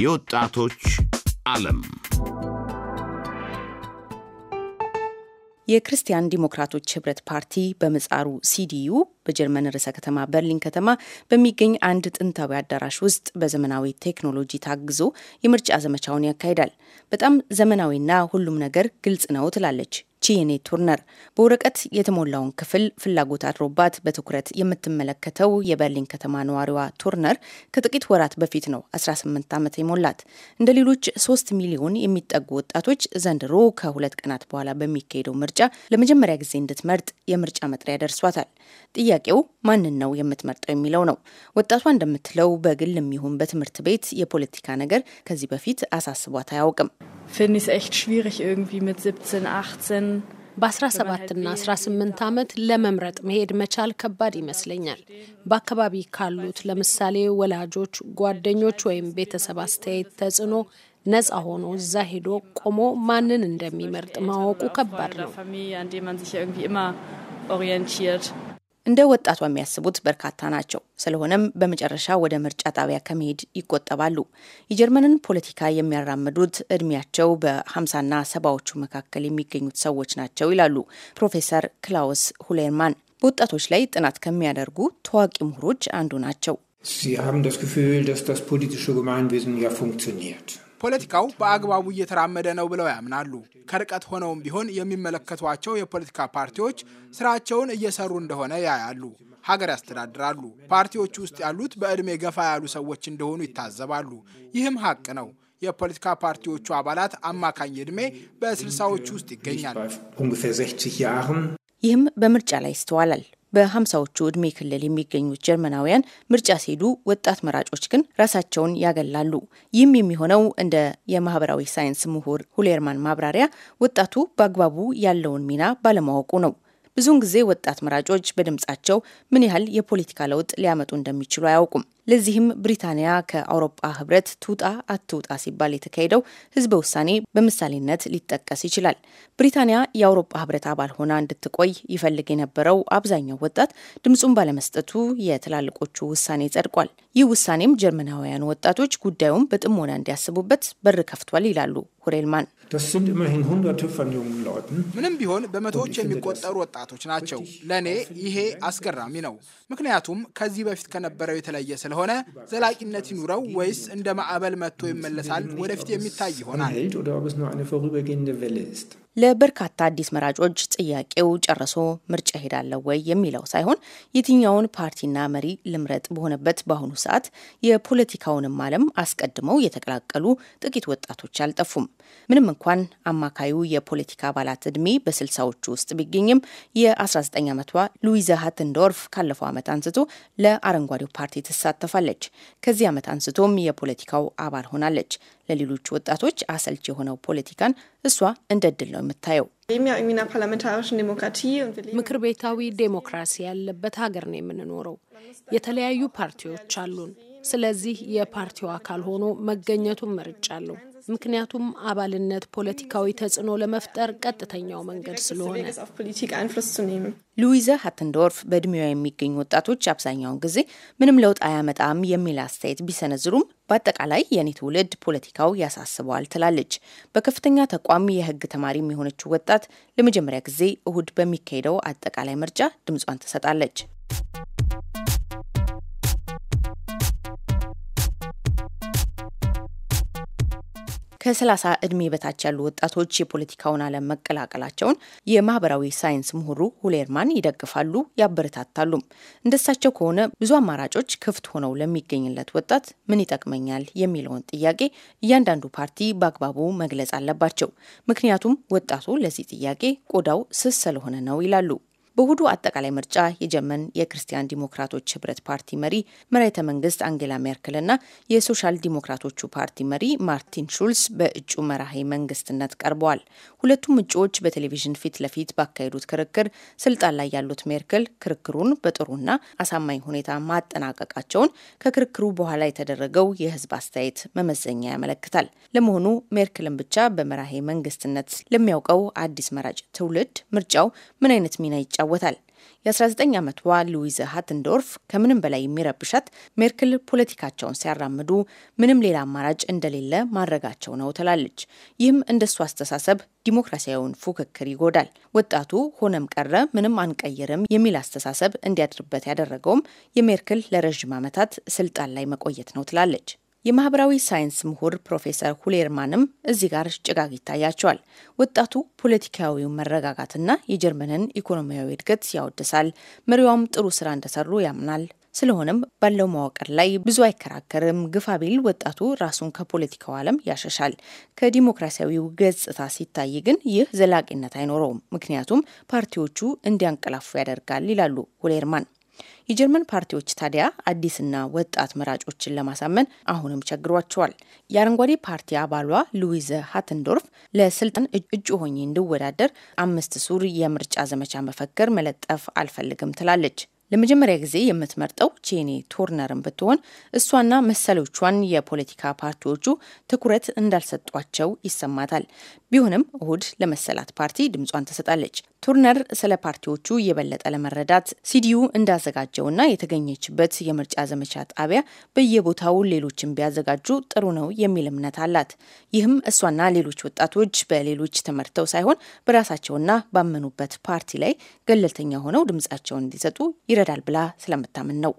የወጣቶች ዓለም የክርስቲያን ዲሞክራቶች ህብረት ፓርቲ በምህጻሩ ሲዲዩ በጀርመን ርዕሰ ከተማ በርሊን ከተማ በሚገኝ አንድ ጥንታዊ አዳራሽ ውስጥ በዘመናዊ ቴክኖሎጂ ታግዞ የምርጫ ዘመቻውን ያካሂዳል። በጣም ዘመናዊና ሁሉም ነገር ግልጽ ነው ትላለች ቺኒ ቱርነር በወረቀት የተሞላውን ክፍል ፍላጎት አድሮባት በትኩረት የምትመለከተው የበርሊን ከተማ ነዋሪዋ ቱርነር ከጥቂት ወራት በፊት ነው 18 ዓመት የሞላት። እንደ ሌሎች 3 ሚሊዮን የሚጠጉ ወጣቶች ዘንድሮ ከሁለት ቀናት በኋላ በሚካሄደው ምርጫ ለመጀመሪያ ጊዜ እንድትመርጥ የምርጫ መጥሪያ ደርሷታል። ጥያቄው ማንን ነው የምትመርጠው የሚለው ነው። ወጣቷ እንደምትለው በግል የሚሆን በትምህርት ቤት የፖለቲካ ነገር ከዚህ በፊት አሳስቧት አያውቅም። ፊንድ ኢትስ ኤክት ሽዊሪግ ኢንግዊ ሚት 17 18 በ17ና 18 ዓመት ለመምረጥ መሄድ መቻል ከባድ ይመስለኛል። በአካባቢ ካሉት ለምሳሌ ወላጆች፣ ጓደኞች ወይም ቤተሰብ አስተያየት ተጽዕኖ ነፃ ሆኖ እዛ ሄዶ ቆሞ ማንን እንደሚመርጥ ማወቁ ከባድ ነው። እንደ ወጣቷ የሚያስቡት በርካታ ናቸው። ስለሆነም በመጨረሻ ወደ ምርጫ ጣቢያ ከመሄድ ይቆጠባሉ። የጀርመንን ፖለቲካ የሚያራምዱት እድሜያቸው በሀምሳና ሰባዎቹ መካከል የሚገኙት ሰዎች ናቸው ይላሉ ፕሮፌሰር ክላውስ ሁሌርማን። በወጣቶች ላይ ጥናት ከሚያደርጉ ታዋቂ ምሁሮች አንዱ ናቸው። Sie haben das Gefühl, dass das politische Gemeinwesen ja funktioniert. ፖለቲካው በአግባቡ እየተራመደ ነው ብለው ያምናሉ። ከርቀት ሆነውም ቢሆን የሚመለከቷቸው የፖለቲካ ፓርቲዎች ስራቸውን እየሰሩ እንደሆነ ያያሉ፣ ሀገር ያስተዳድራሉ። ፓርቲዎቹ ውስጥ ያሉት በዕድሜ ገፋ ያሉ ሰዎች እንደሆኑ ይታዘባሉ። ይህም ሀቅ ነው። የፖለቲካ ፓርቲዎቹ አባላት አማካኝ ዕድሜ በስልሳዎች ውስጥ ይገኛል። ይህም በምርጫ ላይ ይስተዋላል። በሀምሳዎቹ ዕድሜ ክልል የሚገኙት ጀርመናውያን ምርጫ ሲሄዱ ወጣት መራጮች ግን ራሳቸውን ያገላሉ። ይህም የሚሆነው እንደ የማህበራዊ ሳይንስ ምሁር ሁሌርማን ማብራሪያ ወጣቱ በአግባቡ ያለውን ሚና ባለማወቁ ነው። ብዙውን ጊዜ ወጣት መራጮች በድምጻቸው ምን ያህል የፖለቲካ ለውጥ ሊያመጡ እንደሚችሉ አያውቁም። ለዚህም ብሪታንያ ከአውሮፓ ህብረት ትውጣ አትውጣ ሲባል የተካሄደው ህዝበ ውሳኔ በምሳሌነት ሊጠቀስ ይችላል። ብሪታንያ የአውሮፓ ህብረት አባል ሆና እንድትቆይ ይፈልግ የነበረው አብዛኛው ወጣት ድምፁን ባለመስጠቱ የትላልቆቹ ውሳኔ ጸድቋል። ይህ ውሳኔም ጀርመናውያኑ ወጣቶች ጉዳዩን በጥሞና እንዲያስቡበት በር ከፍቷል ይላሉ ሁሬልማን። ምንም ቢሆን በመቶዎች የሚቆጠሩ ወጣቶች ናቸው። ለእኔ ይሄ አስገራሚ ነው፣ ምክንያቱም ከዚህ በፊት ከነበረው የተለየ ስለ ስለሆነ ዘላቂነት ይኑረው ወይስ እንደ ማዕበል መጥቶ ይመለሳል? ወደፊት የሚታይ ይሆናል። ለበርካታ አዲስ መራጮች ጥያቄው ጨርሶ ምርጫ ሄዳለሁ ወይ የሚለው ሳይሆን የትኛውን ፓርቲና መሪ ልምረጥ በሆነበት በአሁኑ ሰዓት የፖለቲካውንም ዓለም አስቀድመው የተቀላቀሉ ጥቂት ወጣቶች አልጠፉም። ምንም እንኳን አማካዩ የፖለቲካ አባላት እድሜ በስልሳዎቹ ውስጥ ቢገኝም የ19 ዓመቷ ሉዊዛ ሀትንዶርፍ ካለፈው ዓመት አንስቶ ለአረንጓዴው ፓርቲ ትሳተፋለች። ከዚህ ዓመት አንስቶም የፖለቲካው አባል ሆናለች። ለሌሎች ወጣቶች አሰልች የሆነው ፖለቲካን እሷ እንደ ድል ነው የምታየው። ምክር ቤታዊ ዴሞክራሲ ያለበት ሀገር ነው የምንኖረው። የተለያዩ ፓርቲዎች አሉን። ስለዚህ የፓርቲው አካል ሆኖ መገኘቱን መርጫለሁ። ምክንያቱም አባልነት ፖለቲካዊ ተጽዕኖ ለመፍጠር ቀጥተኛው መንገድ ስለሆነ። ሉዊዘ ሀትንዶርፍ በእድሜዋ የሚገኙ ወጣቶች አብዛኛውን ጊዜ ምንም ለውጥ አያመጣም የሚል አስተያየት ቢሰነዝሩም በአጠቃላይ የኔ ትውልድ ፖለቲካው ያሳስበዋል ትላለች። በከፍተኛ ተቋም የሕግ ተማሪ የሆነችው ወጣት ለመጀመሪያ ጊዜ እሁድ በሚካሄደው አጠቃላይ ምርጫ ድምጿን ትሰጣለች። ከ30 ዕድሜ በታች ያሉ ወጣቶች የፖለቲካውን ዓለም መቀላቀላቸውን የማህበራዊ ሳይንስ ምሁሩ ሁሌርማን ይደግፋሉ፣ ያበረታታሉ እንደሳቸው ከሆነ ብዙ አማራጮች ክፍት ሆነው ለሚገኝለት ወጣት ምን ይጠቅመኛል የሚለውን ጥያቄ እያንዳንዱ ፓርቲ በአግባቡ መግለጽ አለባቸው። ምክንያቱም ወጣቱ ለዚህ ጥያቄ ቆዳው ስስ ስለሆነ ነው ይላሉ። በእሁዱ አጠቃላይ ምርጫ የጀርመን የክርስቲያን ዲሞክራቶች ህብረት ፓርቲ መሪ መራይተ መንግስት አንጌላ ሜርክልና የሶሻል ዲሞክራቶቹ ፓርቲ መሪ ማርቲን ሹልስ በእጩ መራሄ መንግስትነት ቀርበዋል። ሁለቱም እጩዎች በቴሌቪዥን ፊት ለፊት ባካሄዱት ክርክር ስልጣን ላይ ያሉት ሜርክል ክርክሩን በጥሩና አሳማኝ ሁኔታ ማጠናቀቃቸውን ከክርክሩ በኋላ የተደረገው የህዝብ አስተያየት መመዘኛ ያመለክታል። ለመሆኑ ሜርክልን ብቻ በመራሄ መንግስትነት ለሚያውቀው አዲስ መራጭ ትውልድ ምርጫው ምን አይነት ሚና ይጫ ይጫወታል። የ19 ዓመቷ ሉዊዝ ሃትንዶርፍ ከምንም በላይ የሚረብሻት ሜርክል ፖለቲካቸውን ሲያራምዱ ምንም ሌላ አማራጭ እንደሌለ ማድረጋቸው ነው ትላለች። ይህም እንደሱ አስተሳሰብ ዲሞክራሲያዊውን ፉክክር ይጎዳል። ወጣቱ ሆነም ቀረ ምንም አንቀይርም የሚል አስተሳሰብ እንዲያድርበት ያደረገውም የሜርክል ለረዥም ዓመታት ስልጣን ላይ መቆየት ነው ትላለች። የማህበራዊ ሳይንስ ምሁር ፕሮፌሰር ሁሌርማንም እዚህ ጋር ጭጋግ ይታያቸዋል። ወጣቱ ፖለቲካዊውን መረጋጋትና የጀርመንን ኢኮኖሚያዊ እድገት ያወድሳል። መሪዋም ጥሩ ስራ እንደሰሩ ያምናል። ስለሆነም ባለው መዋቅር ላይ ብዙ አይከራከርም። ግፋ ቢል ወጣቱ ራሱን ከፖለቲካው ዓለም ያሸሻል። ከዲሞክራሲያዊው ገጽታ ሲታይ ግን ይህ ዘላቂነት አይኖረውም። ምክንያቱም ፓርቲዎቹ እንዲያንቀላፉ ያደርጋል ይላሉ ሁሌርማን። የጀርመን ፓርቲዎች ታዲያ አዲስና ወጣት መራጮችን ለማሳመን አሁንም ቸግሯቸዋል። የአረንጓዴ ፓርቲ አባሏ ሉዊዘ ሀትንዶርፍ ለስልጣን እጩ ሆኜ እንድወዳደር አምስት ሱር የምርጫ ዘመቻ መፈክር መለጠፍ አልፈልግም ትላለች። ለመጀመሪያ ጊዜ የምትመርጠው ቼኔ ቶርነርን ብትሆን እሷና መሰሎቿን የፖለቲካ ፓርቲዎቹ ትኩረት እንዳልሰጧቸው ይሰማታል። ቢሆንም እሁድ ለመሰላት ፓርቲ ድምጿን ትሰጣለች። ቱርነር ስለ ፓርቲዎቹ የበለጠ ለመረዳት ሲዲዩ እንዳዘጋጀውና የተገኘችበት የምርጫ ዘመቻ ጣቢያ በየቦታው ሌሎችን ቢያዘጋጁ ጥሩ ነው የሚል እምነት አላት። ይህም እሷና ሌሎች ወጣቶች በሌሎች ተመርተው ሳይሆን በራሳቸውና ባመኑበት ፓርቲ ላይ ገለልተኛ ሆነው ድምጻቸውን እንዲሰጡ ይረዳል ብላ ስለምታምን ነው።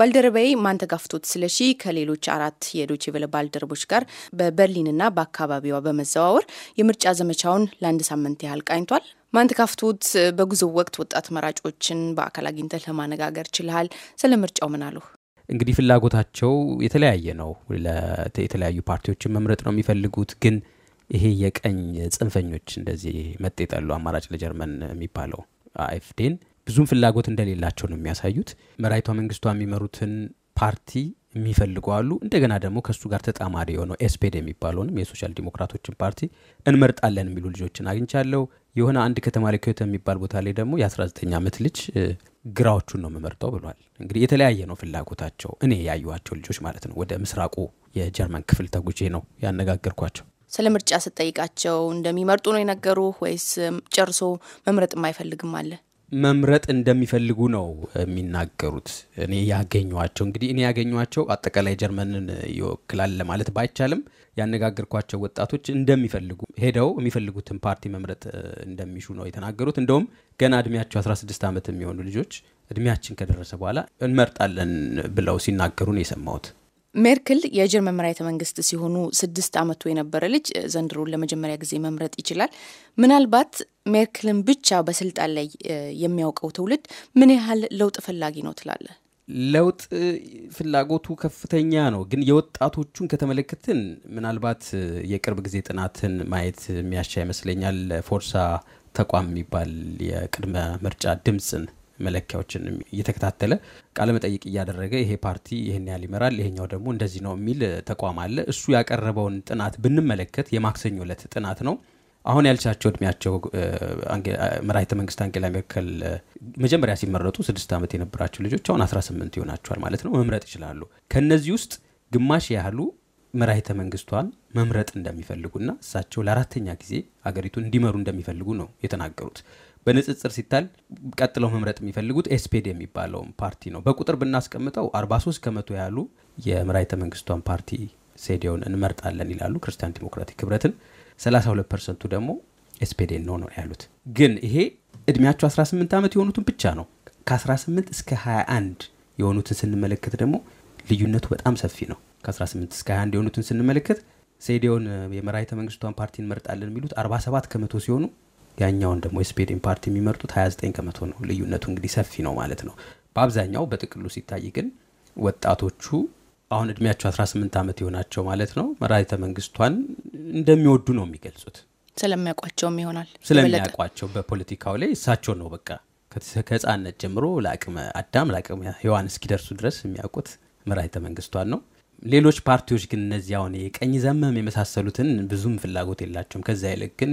ባልደረባዬ ማንተጋፍቶት ስለሺ ከሌሎች አራት የዶቼ ቬለ ባልደረቦች ጋር በበርሊንና በአካባቢዋ በመዘዋወር የምርጫ ዘመቻውን ለአንድ ሳምንት ያህል ቃኝቷል። ማንተጋፍቶት በጉዞ ወቅት ወጣት መራጮችን በአካል አግኝተህ ለማነጋገር ችልሃል። ስለ ምርጫው ምን አሉ? እንግዲህ ፍላጎታቸው የተለያየ ነው። የተለያዩ ፓርቲዎችን መምረጥ ነው የሚፈልጉት ግን ይሄ የቀኝ ጽንፈኞች እንደዚህ መጤጠሉ አማራጭ ለጀርመን የሚባለው አኤፍዴን ብዙም ፍላጎት እንደሌላቸው ነው የሚያሳዩት። መራይቷ መንግስቷ የሚመሩትን ፓርቲ የሚፈልጉ አሉ። እንደገና ደግሞ ከእሱ ጋር ተጣማሪ የሆነው ኤስፔድ የሚባለውንም የሶሻል ዲሞክራቶችን ፓርቲ እንመርጣለን የሚሉ ልጆችን አግኝቻለሁ። የሆነ አንድ ከተማ ላይ ኮዮተ የሚባል ቦታ ላይ ደግሞ የ19 ዓመት ልጅ ግራዎቹን ነው የምመርጠው ብሏል። እንግዲህ የተለያየ ነው ፍላጎታቸው። እኔ ያዩቸው ልጆች ማለት ነው። ወደ ምስራቁ የጀርመን ክፍል ተጉጄ ነው ያነጋገርኳቸው። ስለ ምርጫ ስጠይቃቸው እንደሚመርጡ ነው የነገሩ ወይስ ጨርሶ መምረጥ የማይፈልግም አለ? መምረጥ እንደሚፈልጉ ነው የሚናገሩት። እኔ ያገኟቸው እንግዲህ እኔ ያገኟቸው አጠቃላይ ጀርመንን ይወክላል ለማለት ባይቻልም ያነጋገርኳቸው ወጣቶች እንደሚፈልጉ ሄደው የሚፈልጉትን ፓርቲ መምረጥ እንደሚሹ ነው የተናገሩት። እንደውም ገና እድሜያቸው 16 ዓመት የሚሆኑ ልጆች እድሜያችን ከደረሰ በኋላ እንመርጣለን ብለው ሲናገሩ ነው የሰማሁት። ሜርክል የጀርመን መራሒተ መንግስት ሲሆኑ ስድስት ዓመቱ የነበረ ልጅ ዘንድሮን ለመጀመሪያ ጊዜ መምረጥ ይችላል። ምናልባት ሜርክልን ብቻ በስልጣን ላይ የሚያውቀው ትውልድ ምን ያህል ለውጥ ፈላጊ ነው ትላለህ? ለውጥ ፍላጎቱ ከፍተኛ ነው። ግን የወጣቶቹን ከተመለከትን ምናልባት የቅርብ ጊዜ ጥናትን ማየት የሚያሻ ይመስለኛል። ፎርሳ ተቋም የሚባል የቅድመ ምርጫ ድምፅን መለኪያዎችን እየተከታተለ ቃለመጠይቅ እያደረገ ይሄ ፓርቲ ይህን ያህል ይመራል፣ ይሄኛው ደግሞ እንደዚህ ነው የሚል ተቋም አለ። እሱ ያቀረበውን ጥናት ብንመለከት የማክሰኞ ዕለት ጥናት ነው። አሁን ያልቻቸው እድሜያቸው መራሒተ መንግስት አንጌላ ሜርከል መጀመሪያ ሲመረጡ ስድስት ዓመት የነበራቸው ልጆች አሁን 18 ይሆናቸዋል ማለት ነው መምረጥ ይችላሉ። ከነዚህ ውስጥ ግማሽ ያህሉ መራሂተ መንግስቷን መምረጥ እንደሚፈልጉና እሳቸው ለአራተኛ ጊዜ አገሪቱን እንዲመሩ እንደሚፈልጉ ነው የተናገሩት። በንጽጽር ሲታል ቀጥለው መምረጥ የሚፈልጉት ኤስፔድ የሚባለውን ፓርቲ ነው። በቁጥር ብናስቀምጠው 43 ከመቶ ያሉ የመራሒተ መንግስቷን ፓርቲ ሴዲዮን እንመርጣለን ይላሉ። ክርስቲያን ዲሞክራቲክ ህብረትን 32 ፐርሰንቱ ደግሞ ኤስፔዴን ነው ነው ያሉት። ግን ይሄ እድሜያቸው 18 ዓመት የሆኑትን ብቻ ነው። ከ18 እስከ 21 የሆኑትን ስንመለከት ደግሞ ልዩነቱ በጣም ሰፊ ነው። ከ18 እስከ 21 የሆኑትን ስንመለከት ሴዲዮን የመራይተ መንግስቷን ፓርቲ እንመርጣለን የሚሉት 47 ከመቶ ሲሆኑ ያኛውን ደግሞ የስፔድን ፓርቲ የሚመርጡት 29 ከመቶ ነው። ልዩነቱ እንግዲህ ሰፊ ነው ማለት ነው። በአብዛኛው በጥቅሉ ሲታይ ግን ወጣቶቹ አሁን እድሜያቸው 18 ዓመት የሆናቸው ማለት ነው መራተ መንግስቷን እንደሚወዱ ነው የሚገልጹት። ስለሚያውቋቸውም ይሆናል ስለሚያውቋቸው በፖለቲካው ላይ እሳቸው ነው በቃ ከህፃነት ጀምሮ ለአቅመ አዳም ለአቅመ ህዋን እስኪደርሱ ድረስ የሚያውቁት መራሒተ መንግስቷን ነው። ሌሎች ፓርቲዎች ግን አሁን የቀኝ ዘመም የመሳሰሉትን ብዙም ፍላጎት የላቸውም። ከዚያ ይልቅ ግን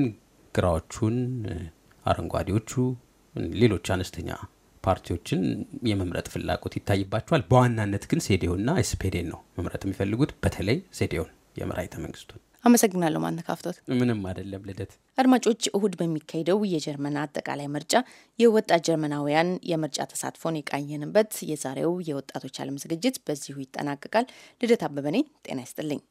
ግራዎቹን፣ አረንጓዴዎቹ፣ ሌሎች አነስተኛ ፓርቲዎችን የመምረጥ ፍላጎት ይታይባቸዋል። በዋናነት ግን ሴዴውና ኤስፔዴን ነው መምረጥ የሚፈልጉት፣ በተለይ ሴዴውን የመራይተ መንግስቱን። አመሰግናለሁ። ማነካፍቶት ምንም አይደለም ልደት። አድማጮች፣ እሁድ በሚካሄደው የጀርመን አጠቃላይ ምርጫ የወጣት ጀርመናውያን የምርጫ ተሳትፎን የቃኘንበት የዛሬው የወጣቶች ዓለም ዝግጅት በዚሁ ይጠናቀቃል። ልደት አበበ ነኝ። ጤና ይስጥልኝ።